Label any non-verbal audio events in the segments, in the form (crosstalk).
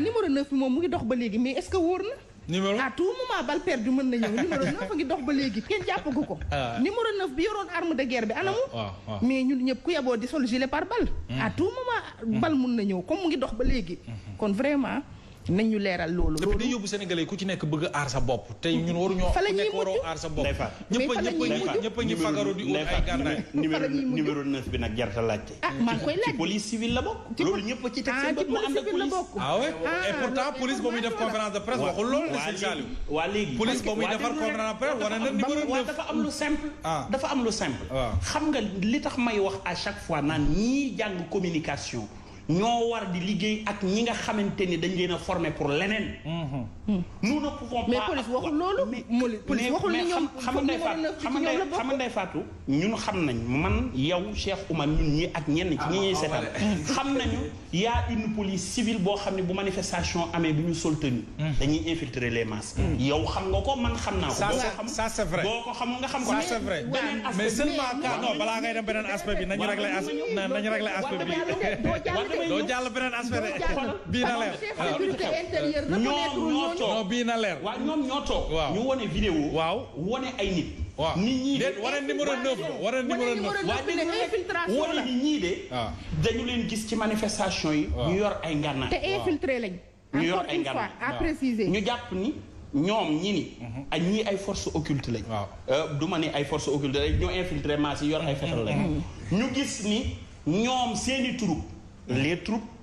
numéro 9 bi moom mu ngi dox ba léegi mais est-ce que wóor na. numéro à tout moment balle mën na ñëw numéro 9 a ngi dox ba léegi kenn jàppagu ko. Ah. numéro 9 bi yoroon arme de guerre bi anamu. Ah, ah, mais ñun ñëpp ku yeboo di sol gilet par balle. à hmm. tout moment hmm. balle mun na ñëw comme mu ngi dox ba léegi. Hmm. kon vraiment. nañ ñu leeral loolu. loolu day yóbbu Sénégalais ku ci nekk bëgg a aar sa bopp te ñun waruñoo. fa la ñuy aar sa bopp. a ñëpp a ñi fagaru di ut ay gànnaay. numéro bi nag jarta laajte. ah maa ngi la bokk. loolu ñëpp ci teg seen ah, bët mu ànd ah ah, def conférence de presse waxul loolu. waa léegi police ba muy defar conférence de dafa am lu simple. dafa am lu simple. xam nga li tax may wax à chaque fois naan ñii jàng communication ñoo war di liggéey ak ñi nga xamante ni dañ leen a former pour leneen. Mhm. Hmm. nous ne mais police waxul loolu. police waxul ni xam nga xam nga Fatou ñun xam nañ man yow Cheikh Oumar ñun ñi ak ñenn ci ñi ñuy ah, ah, ah, xam nañu y a une police civile boo xam ne bu manifestation amee bu ñu sol tenue. Hmm. dañuy infiltrer les masses. Hmm. yow xam nga ko man xam naa ko. ça c'est ça c'est vrai boo ko xam nga xam ko. ça c'est vrai mais seulement. non balaa bi nañu réglé aspect bi. (laughs) doo jàll beneen aspect (laughs) bii leer ñoom ñoo toog bii na waaw ñoom ñoo toog ñu wone vidéo waaw wone ay nit waaw ñii de wane numéro 9 wane numéro ni ñii de ah. dañu leen gis ci manifestation yi ah. ñu yor ay ngànnaay te infiltré lañ ñu yor ay ngànnaay à ah. préciser ñu jàpp ni ñoom ñi ni mhm. ak ñii ay force occulte lañ euh, du ma ni ay force occulte lañ ñoo infiltré maas yi yor ay fetal lañ mhm. ñu gis ni ñoom seeni troupe Letro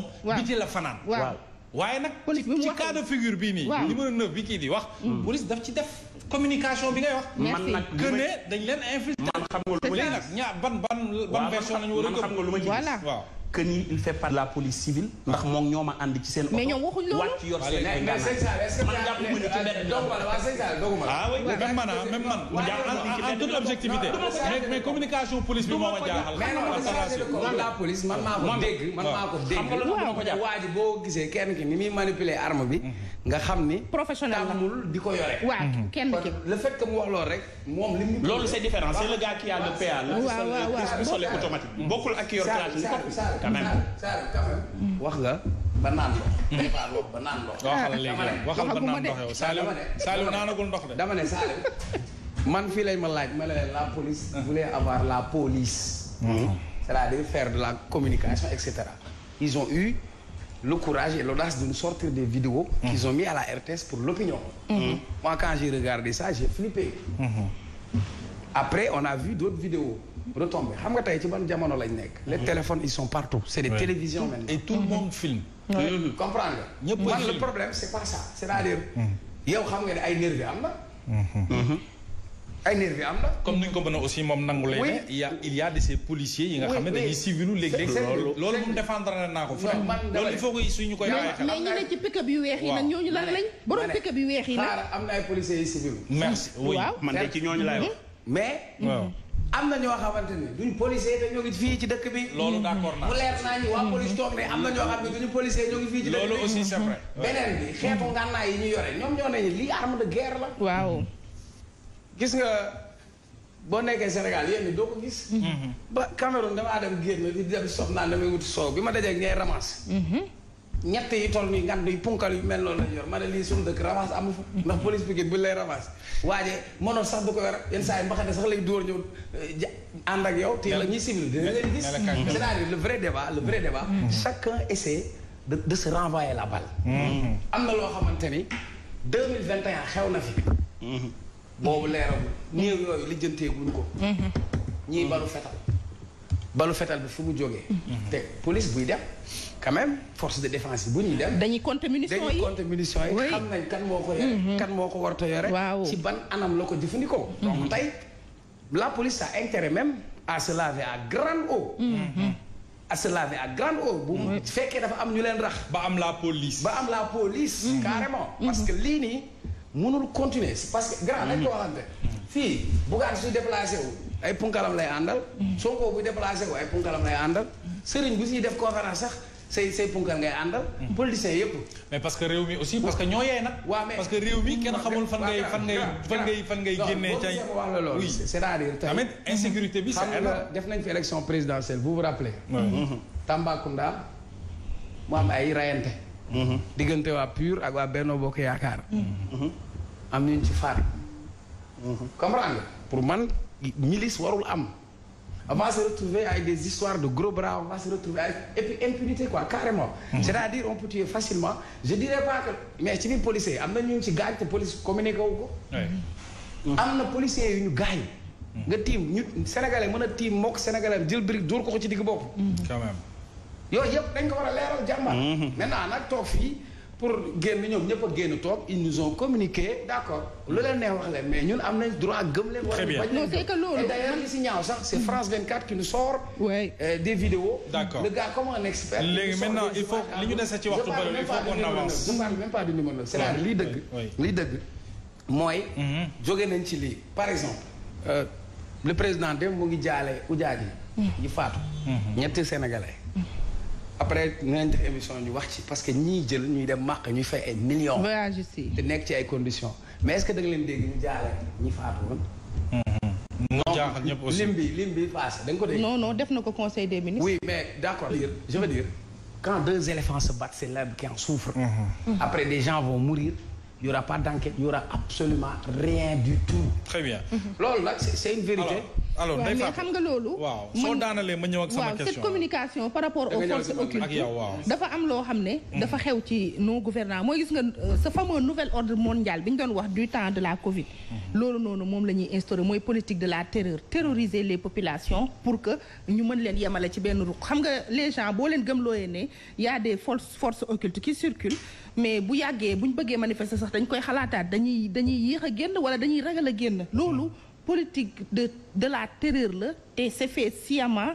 moom. bi ci la fanaan. waaw waaye nag. ci cas de figure bii li numéro 9 bi kii di wax. Mm. police daf ci def communication bi ngay wax. man nag que dañ leen infiltrer. man xam nga lu ma ci gis ban ban ban version lañu war a gëm. man xam nga lu ma ci gis waaw. que ni il fait pas la police civile. ndax mok ñoma and ci sen mais ñoom waxuñ loolu wàcc yor sen mais mais sëñ Sall est-ce que man jàpp mu ni ci benn bi. ah oui même man même man. en toute objectivité. mais mais communication police bi moo ma jaaxal. man la police man mako dégg man maa ko dégg. waaw waa ji boo gisee kenn ki ni muy manipuler arme bi. Mhm. nga xamni ni. professionnel la tàmmul di ko mhm. kenn ki le fait que mu wax loolu rek. mom limu lolu c'est différent c'est le gars qui a le PA. le waaw automatique bokul ak yor man la police mm. voulait avoir la police. Mm-hmm. c'est-à-dire faire de la communication etc ils ont eu le courage et l'audace d'une nous sortir des vidéos. Mm. qu'ils ont mis à la RTS pour l'opinion. Mm-hmm. moi quand j'ai regardé ça j'ai flippé. Mm-hmm. après on a vu d'autres vidéos retombé xam nga tay ci ban jamono lañ nek. les mhm. téléphones ils sont partout. c'est des télévisions maintenant. et tout le monde filme. Comprends comprendre nga. man le problème c'est pas ça c'est-à-dire. Mhm. yow xam nga ne ay nervis am na. Mhm. ay nervis am na. comme ni ko mën aussi moom nangu lay. oui il y a il y a de ces policiers yi nga xam ne dañuy civilu léeg-léeg. loolu loolu moom défendre naa ko. non man loolu il faut que suñu koy. waaye xel mais ñu ne ci pick-up yu weex yi nag ñooñu lan lañ. borom pick-up yu weex yi nag. xaaral am na ay policiers yi civilu. merci oui man de ci ñooñu lay wax mais. am na ñoo xamante ne duñ policier te ñoo ngi fii ci dëkk bi. loolu d'accord naa mu leer naa ñu waa police toog ne am na ñoo xam ne duñu policier ñoo ngi fii ci dëkk bi loolu aussi c'est beneen bi xeetu ngànnaay yi ñu yore ñoom ñoo ne lii arme a guerre la. waaw. gis nga boo nekkee Sénégal yéen ñi doo ko gis. Mhm. ba Cameroun damaa dem génn di dem sox naan damay wuti soow bi ma dajee ak ñay ñett yi toll nii ngand yu punkal yu mel noonu lañ yor ma ne lii suñu dëkk ramasse amu ndax police Pikine buñ lay ramasse waaje mënoon sax du ko yor yenn saa yi mbaxane sax lay dóor ñëw eh, ànd ak yow te la ñuy civil dina leen gis c'est-à-dire le mm. de de se la bal mm. am na loo xamante ni 2021 xew na fi mm-hmm. boobu leeragu néew yooyu lijjanteeguñ ko mm-hmm. ñiy balu fetal balu fetal bi fu mu jógee. Mhm. te police buy def quand force de défence bu ñuy dem. dañuy compter munitions yi dañuy compter munitions yi. xam nañ kan moo ko yore. Mhm. kan moo ko warta yore. waaw ci ban anam la ko jëfandikoo. Mhm. donc tey la police a intérêt même à se laver à grande eau. à se laver grande eau. bu fekkee dafa am ñu leen rax. ba am la police. ba am la police. carrément parce que lii nii mënul continuer parce que grand dañ ko waxante. fii Bougane suy déplacé wu ay punkalam lay àndal. Sonko buy déplacé wu ay punkalam lay àndal. sëriñ bu siy def conférence sax say say punkal ngay àndal. politiciens yëpp. mais parce que réew mi aussi parce que ñoo yee nag. waaw mais parce que réew mi kenn xamul fan ngay fan ngay fan ngay fan ngay génnee. cay oui c'est-à-dire tamit insécurité bi. xam nga def nañ fi élection présidentielle vous vous rappelez. Mm-hmm. Tambacounda mu am ay rayante. Mm-hmm. diggante waa PUR ak waa Benno Bokk Yaakaar. Mm-hmm. am ñu ci faat. comprendre nga pour man milice warul am. on va se des histoires de gros bras on va se retrouver et puis impunité quoi carrément. Mmh. c'est-à-dire on peut tuer facilement je dirais pas que mais ci biir policier am na ñu ci gaañ te police communiqué wu ko. Mhm. am na policiers yu ñu gaañ. Mhm. nga tiim ñu sénégalais mën a tiim mook sénégalais jël brique dóor ko ko ci digg bopp. quand yooyu yëpp dañ ko war a leeral jàmbaar. Mhm. maintenant nag toog fii. pour gagner nous pas pas génn ils nous ont communiqué. d'accord le dernier mais nous avons droit de gommer très bien d'ailleurs c'est mm. France 24 qui nous sort. Euh, des vidéos. d'accord le gars comment un expert. maintenant il faut il faut qu'on avance. je parle même pas de numéro c'est la leader. Oui. moi j'ai dëgg. chili mhm. par exemple. Euh, le président de mu ngi il Il il yi faatu. Mhm. sénégalais. Mm après avons émission du parce que nous jël ñuy dem marque ñuy fay million voyage conditions mais est-ce que nous l'indépendance leen dégg ñu avons ñi faatu mm-hmm. de non non def que le conseil des ministres. oui mais d'accord je veux dire. quand deux éléphants se battent c'est l'arbre qui en souffre. Mm-hmm. après des gens vont mourir. il n'y aura pas d'enquête, il n'y aura absolument rien du tout. Très bien. Mm-hmm. c'est une vérité alors waaw mais xam nga loolu. waaw soo daanalee ma ñëw ak sama question cette communication par rapport aux forces occultes dafa am loo xam ne. Mm. dafa xew ci nos gouvernants mooy gis nga sa euh, fameux nouvel ordre mondial bi ñu doon wax du temps de la Covid. Mm. loolu noonu moom la ñuy instaurer mooy politique de la terreur terroriser les populations pour que ñu mën leen yemale ci benn ruq xam nga les gens boo leen gëm looyee ne y a des forces forces occultes qui circule mais bu yàggee buñ ñu bëggee manifester sax dañ koy xalaataat dañuy dañuy yéex a génn wala dañuy ragal a génn loolu politique de de la terreur et c'est fait sciemment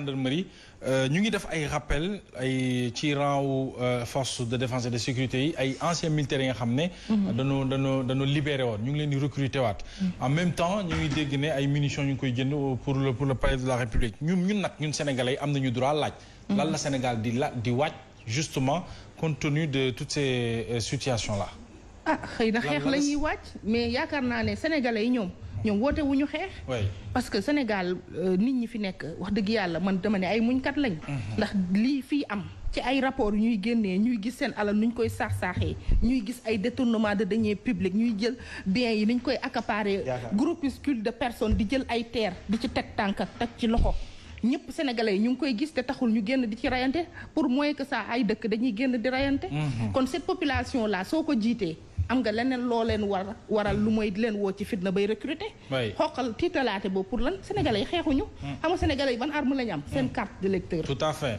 gendarmerie euh, ñu ngi def ay rappel ay ci rang euh, de défense et de sécurité yi ay anciens militaires yi nga xam ne. Mhm. dañoo dañoo recrutés. ñu ngi di mhm. en même temps ñu ngi dégg des ay munitions ñu koy pour le pour le palais de la république Nous, ñun nag ñun sénégalais am nañu droit laaj. Mhm. lan la Sénégal di Sénégal di waaj justement compte tenu de toutes ces euh, situations là. ah xëy na xeex la ñuy waaj mais yaakaar naa ne sénégalais yi ñoom woote wu ñu xeex. parce que Sénégal euh, nit ñi fi nekk wax dëgg yàlla man dama ne ay muñkat lañ. Mhm. ndax lii fii am ci ay rapport ñuy génnee ñuy gis seen alal ñu koy saax saaxee ñuy gis ay détournement de deniers publique ñuy jël biens yi nuñ koy accaparer. groupuscule de personnes di jël ay terre di ci teg tànk ak teg ci loxo. ñëpp sénégalais yi ñu ngi koy gis te taxul ñu génn di ci rayante pour moins que ça ay dëkk dañuy génn di rayante. Mhm. kon cette population ko jiitee. am nga leneen loo leen war waral lu mooy di leen woo ci fitna bay recruter. xoqal tiitalaate boobu pour lan sénégalais yi xeexuñu. Hmm. xam nga sénégalais yi ban arme lañ am. seen hmm. carte d'électeur. tout à fait.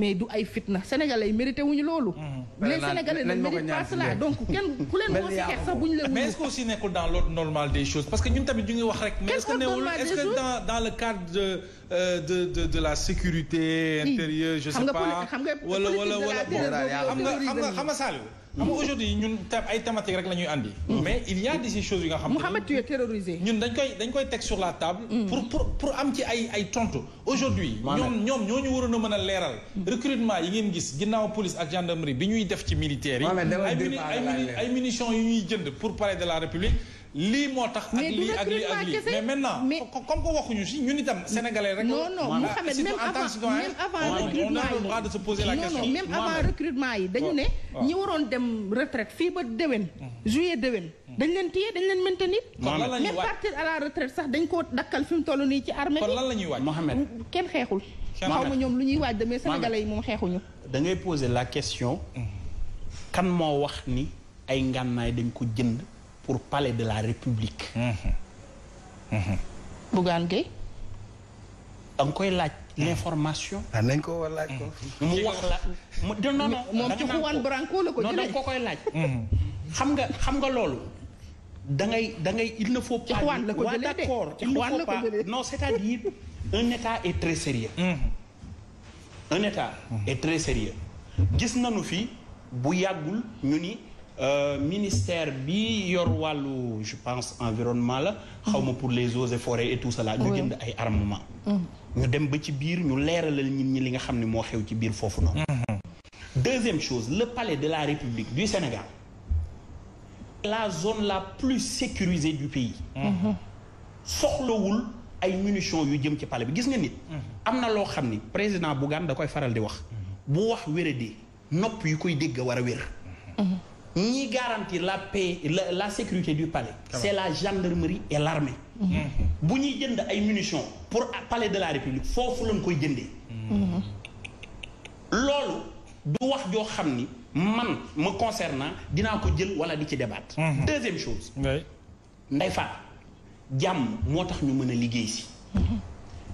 mais du ay fitna sénégalais mérité wuñu mais hmm. ben sénégalais ne pas cela donc ben mais est ce que aussi dans l'ordre normal des choses parce que ñun tamit ñu ngi mais est ce que dans le cadre de euh, de la sécurité intérieure je sais pas xam aujourd'hui ñun ay thématique rek la ñuy andi. Mm. mais il y a des choses yi nga xam ne. Mouhamed tu es terrorisé. ñun dañ koy dañ koy tek sur la table. Mm. pour pour pour am ci ay ay tontu. aujourd'hui ñoom ñom ñoo ñu waroon a mën a recrutement yi ngeen gis ginnaw police ak gendarmerie bi ñuy def ci militaire yi. ay munitions yi ñuy jënd pour parler de la république. lii moo tax ak lii ak lii ak lii maintenant comme ko waxuñu si ñun itam sénégalais rek. non non Mouhamed même avant même yi on dañu ne. ñi waroon dem retraite fii ba déwén. Mm-hmm. juillet déwén. Mm-hmm. dañ leen téye dañ leen maintenir. kon lan la ñuy waaj même sax dañ koo dakkal fi mu toll nii ci armée bi. lan la ñuy waaj Mouhamed. kenn xeexul. xaw ma ñoom lu ñuy waaj de mais sénégalais yi moom xeexuñu. da ngay poser la question. Mm-hmm. kan moo wax ni ay ngànnaay dañ ko jënd pour parler de la République. Mmh. Mmh. Mmh. Bougane Gueye. En quoi koy l'information. ah ko non, non Non, non, non. non non. non il ne faut pas. d'accord non c'est-à-dire un état est très sérieux. un état est très sérieux. gis non fi bu non, euh, ministère bi yor walu je pense environnement la xawma pour les eaux et forêts et tout cela ñu jënd ay armement mm. ñu dem ba ci biir ñu léralal ñit ñi li nga xamni ne xew ci biir fofu non mm-hmm. deuxième chose le palais de la République du Sénégal la zone la plus sécurisée du pays mm-hmm. soxlawul ay munitions yu jëm ci palais bi gis nga nit mm-hmm. amna lo xamni xam ni président Bougane da koy faral di wax bu wax di nopp yu koy dégg wara wér ni garantir la paix la, sécurité du palais c'est la gendarmerie et l'armée mm-hmm. bu ñuy jënd ay munitions pour palais de la république fofu lañ koy jëndé mm-hmm. loolu du wax dire xamni man me concernant dina ko jël wala di ci débattre mm-hmm. deuxième chose nday faat jàmm moo tax ñu mëna liggéey ci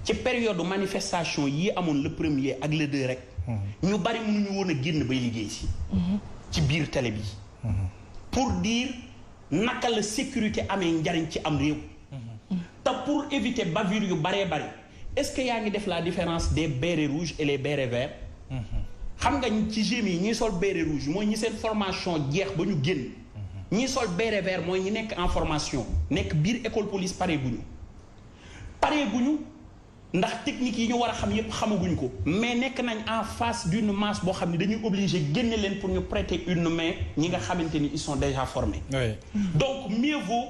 ci période manifestation yi amone le premier ak le deux rek ñu bari mënu ñu wona génn bay liggéey si ci biir télé bi pou dir nakal sekurite ame yon djarin ki amri yo ta pou evite bavir yo bare bare eske yon de f la diferans de ber e rouge e le ber e ver hamga yon ti jemi, yon sol ber e rouge mwen yon sen formasyon diyech bon yon gen yon sol ber e ver mwen yon nek an formasyon, nek bir ekol polis pare gounou pare gounou ndax technique yi ñu war a xam yépp xamaguñ ko mais nekk nañ en face d'une masse boo xam ne dañuy obligé génne leen pour ñu prêter une main ñi nga xamante ni ils sont déjà formés donc mieux vaut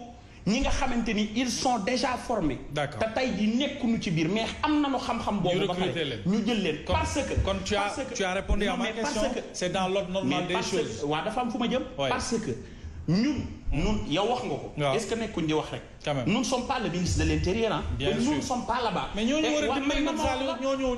ñi nga xamante ni ils sont déjà formés te tay di nekkuñu ci biir mais am nañu xam-xam boobu ba pare ñu jël leen parce que kon tu as tu as répondu à ma question c'est dans l'ordre normal des choses waaw dafa am fu ma jëm parce que ñun. ñun yow wax nga est-ce que nous di wax rek. nous ne sommes pas le ministre de l'intérieur hein? nous ne sommes pas là-bas. mais nous war a dimbali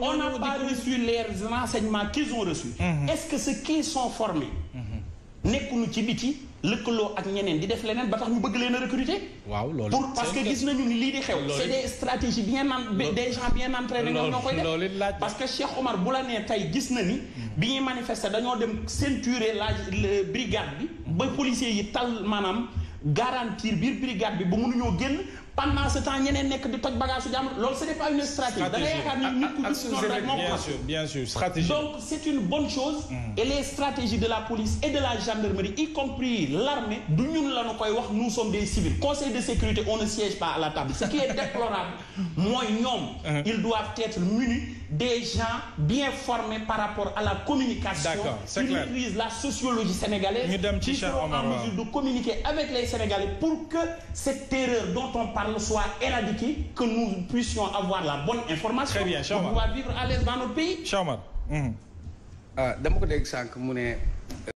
on n'a pas reçu les renseignements qu'ils ont reçus. Mm-hmm. est-ce que ceux qui sont formés. Mm-hmm. nekkuñu ci biti lëkkaloo ak ñeneen di def leneen ba tax ñu bëgg leen recruter. waaw pour parce que gis nañu ni lii di xew. c'est des stratégies bien en des gens bien entraînés. ñoo koy def parce que Cheikh Omar bu la nee tey gis na d'ailleurs mm-hmm. de manifester dem ceinturer la brigade bi. ba policiers yi tal maanaam garantir biir brigade bi ba mënuñoo génn pendant ce temps il nekk di toj bagage su jàmbur ce n'est pas une stratégie da nous bien sûr stratégie donc c'est une bonne chose mm. et les stratégies de la police et de la gendarmerie y compris l'armée du nous sommes des civils conseil de sécurité on ne siège pas à la table ce qui est déplorable (laughs) moi, ñoom hein? ils doivent être munis des gens bien formés par rapport à la communication. D'accord, c'est clair. Qui utilisent la sociologie sénégalaise. Nous sont en mesure de communiquer avec les Sénégalais pour que cette terreur dont on parle soit éradiqué, que nous puissions avoir la bonne information pour pouvoir vivre à l'aise dans notre pays.